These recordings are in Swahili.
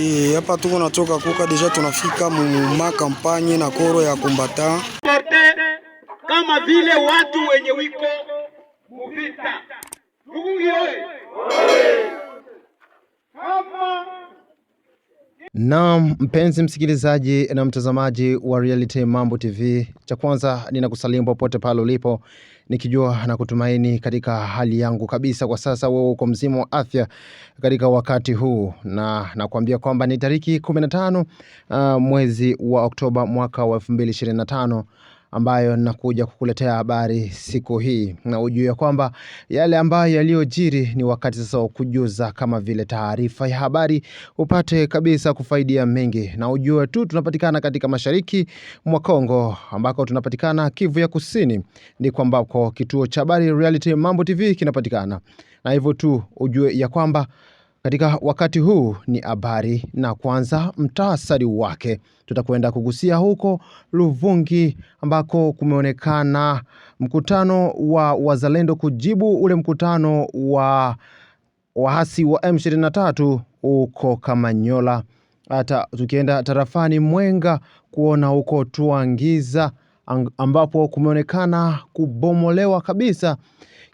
E, hapa tuko natoka kuka deja tunafika muma kampanye na koro ya kumbata kama vile watu wenye wiko Na mpenzi msikilizaji na mtazamaji wa Reality Mambo TV, cha kwanza ninakusalimu popote pale ulipo, nikijua na kutumaini katika hali yangu kabisa kwa sasa, wewe uko mzima wa afya katika wakati huu, na nakuambia kwamba ni tariki 15 uh, ah, mwezi wa Oktoba mwaka wa 2025 ambayo nakuja kukuletea habari siku hii, na ujue kwamba yale ambayo yaliyojiri ni wakati sasa wa kujuza kama vile taarifa ya habari, upate kabisa kufaidia mengi, na ujue tu tunapatikana katika mashariki mwa Kongo ambako tunapatikana Kivu ya Kusini, ni kwambako kituo cha habari Reality Mambo TV kinapatikana, na hivyo tu ujue ya kwamba katika wakati huu ni habari, na kwanza mtasari wake. Tutakwenda kugusia huko Luvungi ambako kumeonekana mkutano wa wazalendo kujibu ule mkutano wa waasi wa M23 huko Kamanyola, hata tukienda tarafani Mwenga kuona huko Twangiza ambapo kumeonekana kubomolewa kabisa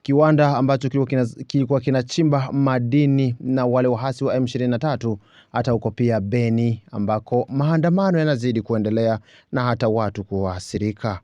kiwanda ambacho kilikuwa, kina, kilikuwa kinachimba madini na wale waasi wa M23 hata huko pia Beni ambako maandamano yanazidi kuendelea na hata watu kuwaathirika.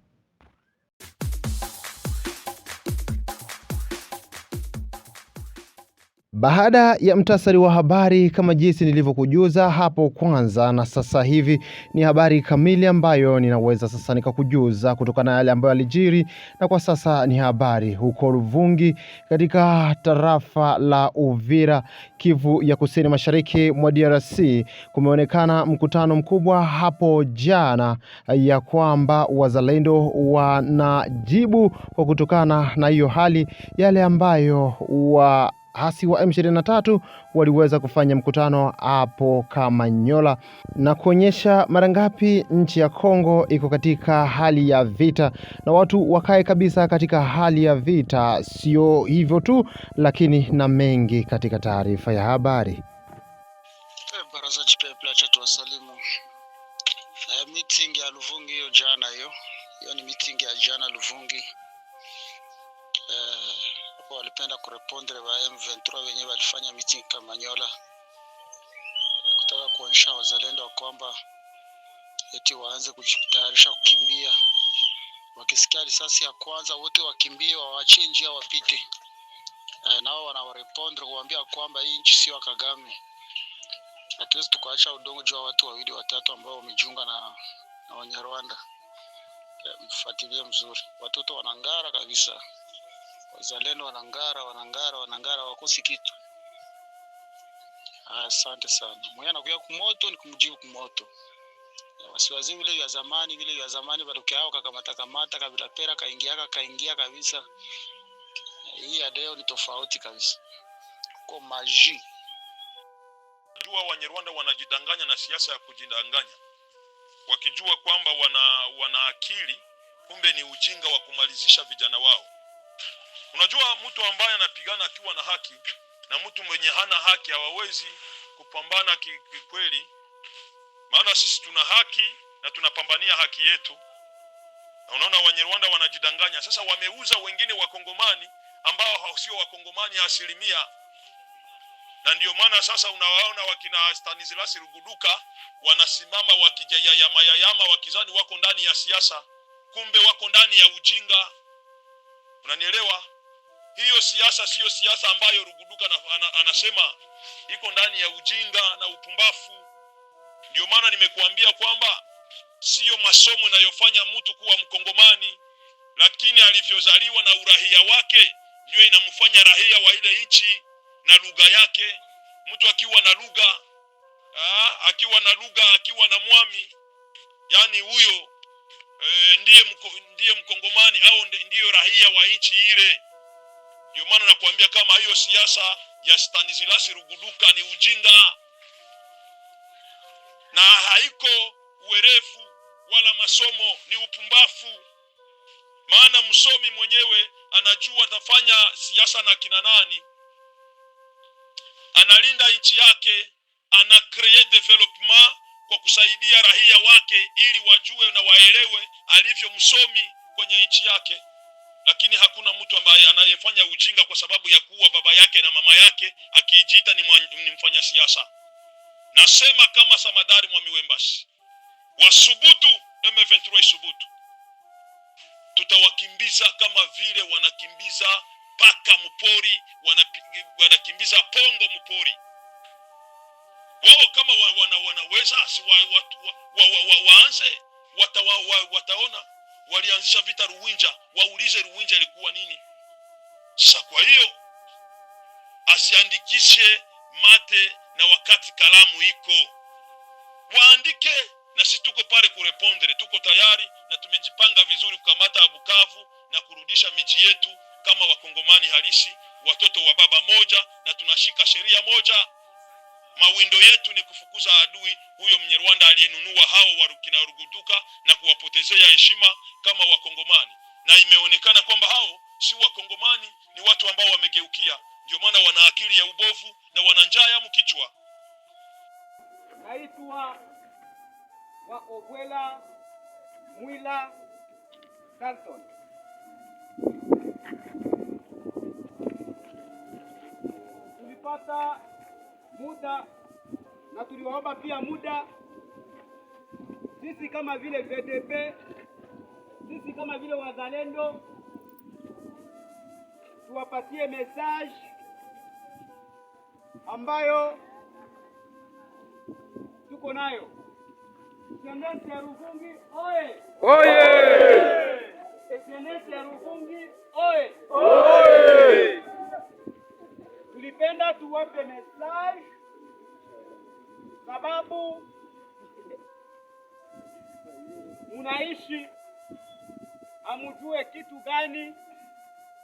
Baada ya mtasari wa habari kama jinsi nilivyokujuza hapo kwanza, na sasa hivi ni habari kamili ambayo ninaweza sasa nikakujuza kutokana na yale ambayo alijiri na kwa sasa ni habari huko Ruvungi katika tarafa la Uvira, Kivu ya Kusini Mashariki mwa DRC. Kumeonekana mkutano mkubwa hapo jana ya kwamba wazalendo wanajibu kwa kutokana na hiyo hali yale ambayo wa Waasi wa M23 waliweza kufanya mkutano hapo Kamanyola na kuonyesha mara ngapi nchi ya Kongo iko katika hali ya vita, na watu wakae kabisa katika hali ya vita. Sio hivyo tu, lakini na mengi katika taarifa ya habari. Eh, Baraza eh, Meeting ya Luvungi hiyo jana, hiyo hiyo ni meeting ya jana Luvungi. Eh, walipenda kurepondre wa M23 wenye walifanya meeting Kamanyola eh, kutaka kuonyesha wazalendo kwamba eti waanze kujitayarisha kukimbia. Wakisikia risasi ya kwanza wote wakimbie, wawaachie njia wapite. E, nao wanawarepondre kuambia kwamba hii nchi sio Kagame, hatuwezi tukaacha udongo juu watu wawili watatu ambao wamejiunga na, na Wanyarwanda. E, mfuatilie mzuri, watoto wanangara kabisa. Wazalendo wanangara, wanangara, wanangara, wakosi kitu. Asante sana. Mwenye anakuya kumoto ni kumjibu kumoto. Wasiwazi vile vya zamani, vile vya zamani baruke hao kakamata kamata kabila pera kaingia kaingia kabisa. Hii ya leo ni tofauti kabisa. Kwa maji. Jua Wanyarwanda wanajidanganya na siasa ya kujidanganya. Wakijua kwamba wana wana akili kumbe ni ujinga wa kumalizisha vijana wao. Unajua, mtu ambaye anapigana akiwa na haki na mtu mwenye hana haki hawawezi kupambana kikweli, maana sisi tuna haki na tunapambania haki yetu. Na unaona Wanyarwanda wanajidanganya sasa, wameuza wengine wakongomani ambao sio wakongomani asilimia, na ndio maana sasa unawaona wakina Stanislas Ruguduka wanasimama wakijayayamayayama wakizani wako ndani ya siasa, kumbe wako ndani ya ujinga. Unanielewa? Hiyo siasa siyo siasa ambayo Ruguduka anasema iko ndani ya ujinga na upumbafu. ndio maana nimekuambia kwamba siyo masomo inayofanya mtu kuwa Mkongomani, lakini alivyozaliwa na urahia wake ndio inamfanya rahia wa ile nchi na lugha yake. Mtu akiwa na lugha akiwa na lugha akiwa na mwami, yani huyo e, ndiye mko, ndiye Mkongomani au ndiyo rahia wa nchi ile. Ndio maana nakuambia kama hiyo siasa ya Stanislas Ruguduka ni ujinga na haiko uwerevu wala masomo, ni upumbafu. Maana msomi mwenyewe anajua atafanya siasa na kina nani, analinda nchi yake, ana create development kwa kusaidia raia wake ili wajue na waelewe alivyo msomi kwenye nchi yake lakini hakuna mtu ambaye anayefanya ujinga kwa sababu ya kuwa baba yake na mama yake akijiita ni, ni mfanya siasa. Nasema kama Samadari Mwamiwembasi, wasubutu M23 Subutu, tutawakimbiza kama vile wanakimbiza paka mpori, wanakimbiza pongo mpori. Wao kama wanaweza wa, wa, wa, wa, wa, wa, wa, waanze watawa, wa, wataona walianzisha vita Ruwinja, waulize Ruwinja ilikuwa nini? Sasa kwa hiyo asiandikishe mate na wakati kalamu iko, waandike na sisi tuko pale kurepondere tuko tayari na tumejipanga vizuri kukamata abukavu Bukavu na kurudisha miji yetu kama wakongomani halisi, watoto wa baba moja, na tunashika sheria moja. Mawindo yetu ni kufukuza adui huyo Mnyarwanda aliyenunua hao warukina ruguduka na kuwapotezea heshima kama Wakongomani, na imeonekana kwamba hao si Wakongomani, ni watu ambao wamegeukia. Ndio maana wana akili ya ubovu na wana njaa ya mkichwa. Naitwa Waobwela Mwila Carlton. Tulipata muda na tuliwaomba pia muda. Sisi kama vile vdp sisi kama vile wazalendo, tuwapatie message ambayo tuko nayo. SNS ya Rugungi oye! Oye! SNS ya Rugungi oye! Oye! tulipenda tuwape message sababu munaishi amujue kitu gani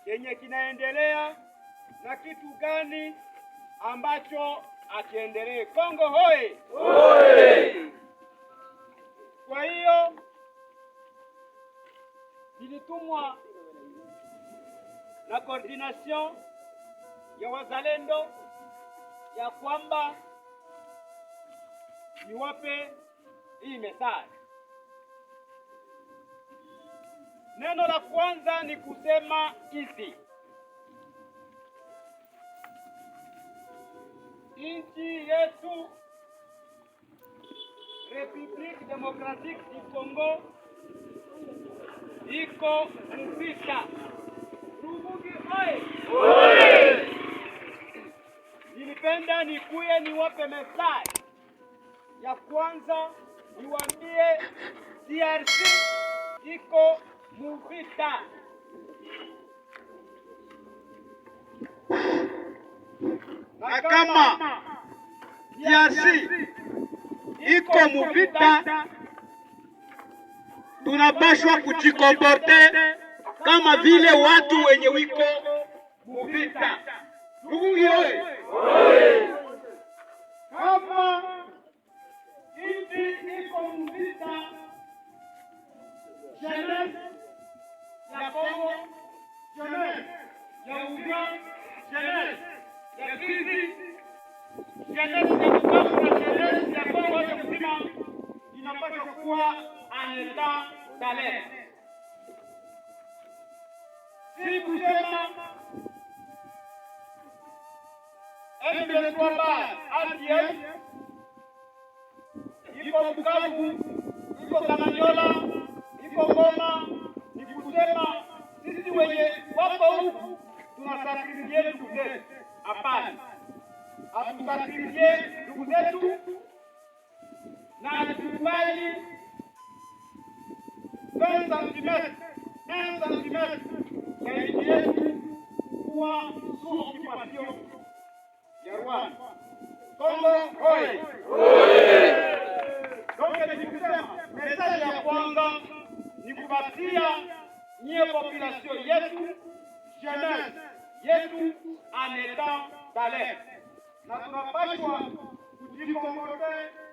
yenye kinaendelea na kitu gani ambacho akiendelee. Kongo hoi! Hoi! Kwa hiyo nilitumwa na coordination ya wazalendo ya kwamba niwape hii methali. Neno la kwanza ni kusema hivi, nchi yetu Republique Democratique du Congo iko muvita. Ruvugi oye! ningependa nikuye niwape mesaji ya kwanza, niwaambie DRC iko muvita na kama DRC iko muvita, tunapashwa kujikomporte kama vile watu wenye wiko muvita. Ugungi oye! Hapa nchi iko mvita, jenesi ya Kongo, jenesi ya Uganda, jenesi ya Kivu, jenesi ya Bukavu na jenesi ya Kongo yote mzima inapaswa kuwa aneta dale si kwamba RDF iko Bukavu, iko Kamanyola, iko Goma. Ni kusema sisi wenye wako huku tunasakrifie ndugu zetu? Hapana, hatusakrifie ndugu zetu na hatukubali ya nchi yetu kuwa sumu kipato Jamani, Kongo hoi! Donke nikusema mesaji ya kwanza ni kubatia nyie population yetu jeunesse yetu aneta dale, na tunapashwa kujikomporte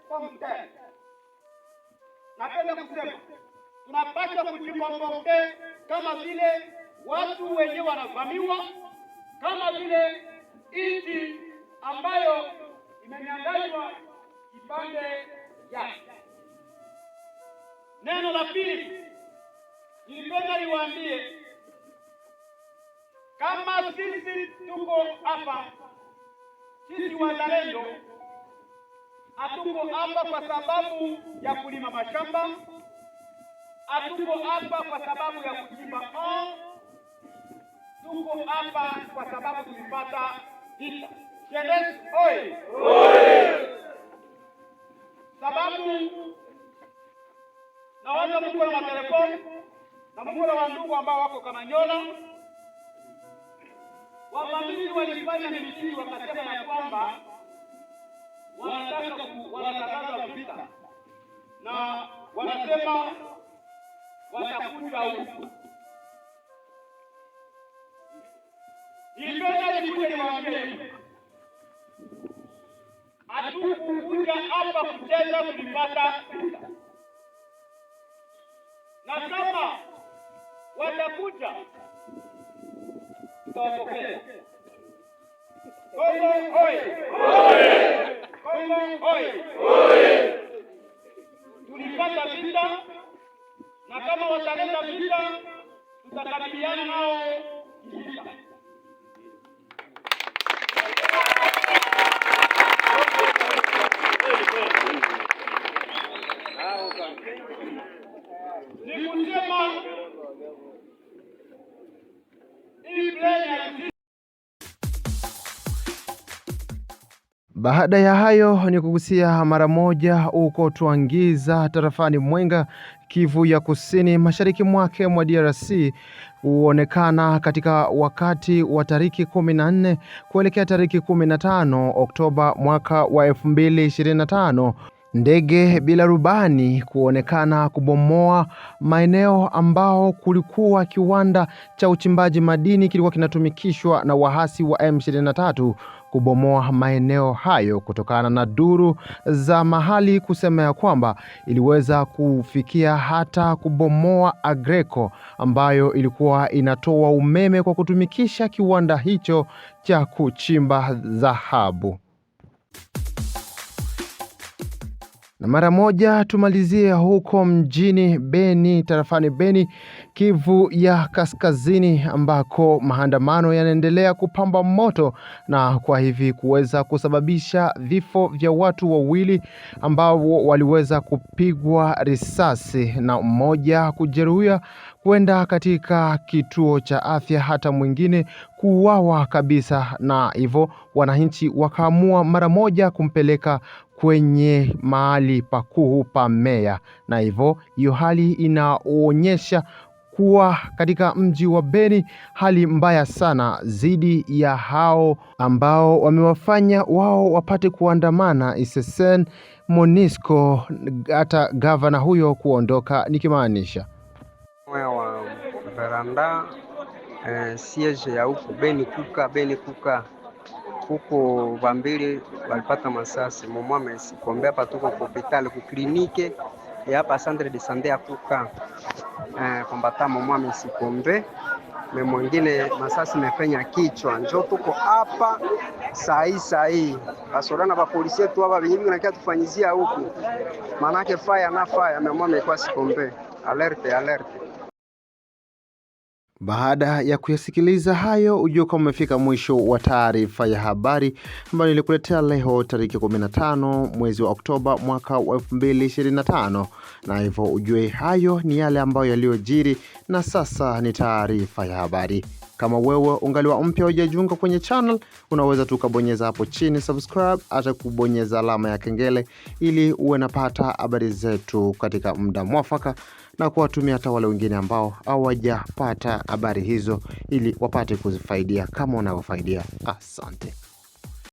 comme tel. Napenda kusema tunapashwa kujikomporte kama vile watu wenye wanavamiwa, kama vile nchi ambayo imeandaliwa kipande yake. Neno la pili nilipenda niwaambie, kama sisi tuko hapa, sisi wazalendo hatuko hapa kwa sababu ya kulima mashamba, hatuko hapa kwa sababu ya kuchimba tuko hapa kwa sababu tulipata vita TLS oye! Sababu naona mko na matelefoni na mko na wandugu ambao wako Kamanyola. Wavamizi walifanya mitii, wakasema ya kwamba wanataka wanatangaza vita na wanasema watakuja huku. Nilipenda nikuje niwaambie hivi hatukukuja hapa kucheza kulipata pesa, na kama watakuja tutawapokea. Kongo oye! Kongo oye! Tulipata vita, na kama wataleta vita tutakabiliana nao. Baada ya hayo ni kugusia mara moja huko Twangiza tarafani Mwenga, Kivu ya Kusini, mashariki mwake mwa DRC huonekana katika wakati wa tariki 14 kuelekea tariki 15 Oktoba mwaka wa 2025 ndege bila rubani kuonekana kubomoa maeneo ambao kulikuwa kiwanda cha uchimbaji madini kilikuwa kinatumikishwa na waasi wa M23 kubomoa maeneo hayo kutokana na duru za mahali kusema ya kwamba iliweza kufikia hata kubomoa Agreco ambayo ilikuwa inatoa umeme kwa kutumikisha kiwanda hicho cha kuchimba dhahabu. Na mara moja tumalizie huko mjini Beni, tarafani Beni Kivu ya Kaskazini ambako maandamano yanaendelea kupamba moto na kwa hivi kuweza kusababisha vifo vya watu wawili ambao waliweza kupigwa risasi na mmoja kujeruhiwa kwenda katika kituo cha afya, hata mwingine kuuawa kabisa, na hivyo wananchi wakaamua mara moja kumpeleka kwenye mahali pakuu pa meya, na hivyo hiyo hali inaonyesha kuwa katika mji wa Beni hali mbaya sana dhidi ya hao ambao wamewafanya wao wapate kuandamana Isesen Monisco, hata gavana huyo kuondoka, nikimaanisha wa veranda eh, siege ya huku Beni kuka Beni kuka huko, vambili walipata masasi momwamesikombea patuko ku hospitali ku yapa centre de santé ya Kuka eh, kombata momwa mesikombe me mwingine masasi mefenya kichwa, njo tuko hapa sahi sahi, basoda na bapolisi yetu hapa benye biko nakia tufanyizia huku, manake faya na faya memwa mekwa sikombe, alerte alerte baada ya kuyasikiliza hayo, ujue kama umefika mwisho wa taarifa ya habari ambayo nilikuletea leo tariki 15 mwezi wa Oktoba mwaka wa 2025, na hivyo ujue hayo ni yale ambayo yaliyojiri, na sasa ni taarifa ya habari. Kama wewe ungaliwa mpya hujajiunga kwenye channel, unaweza tukabonyeza hapo chini subscribe, hata kubonyeza alama ya kengele ili uwe napata habari zetu katika muda mwafaka na kuwatumia hata wale wengine ambao hawajapata habari hizo ili wapate kuzifaidia kama unavyofaidia. Asante.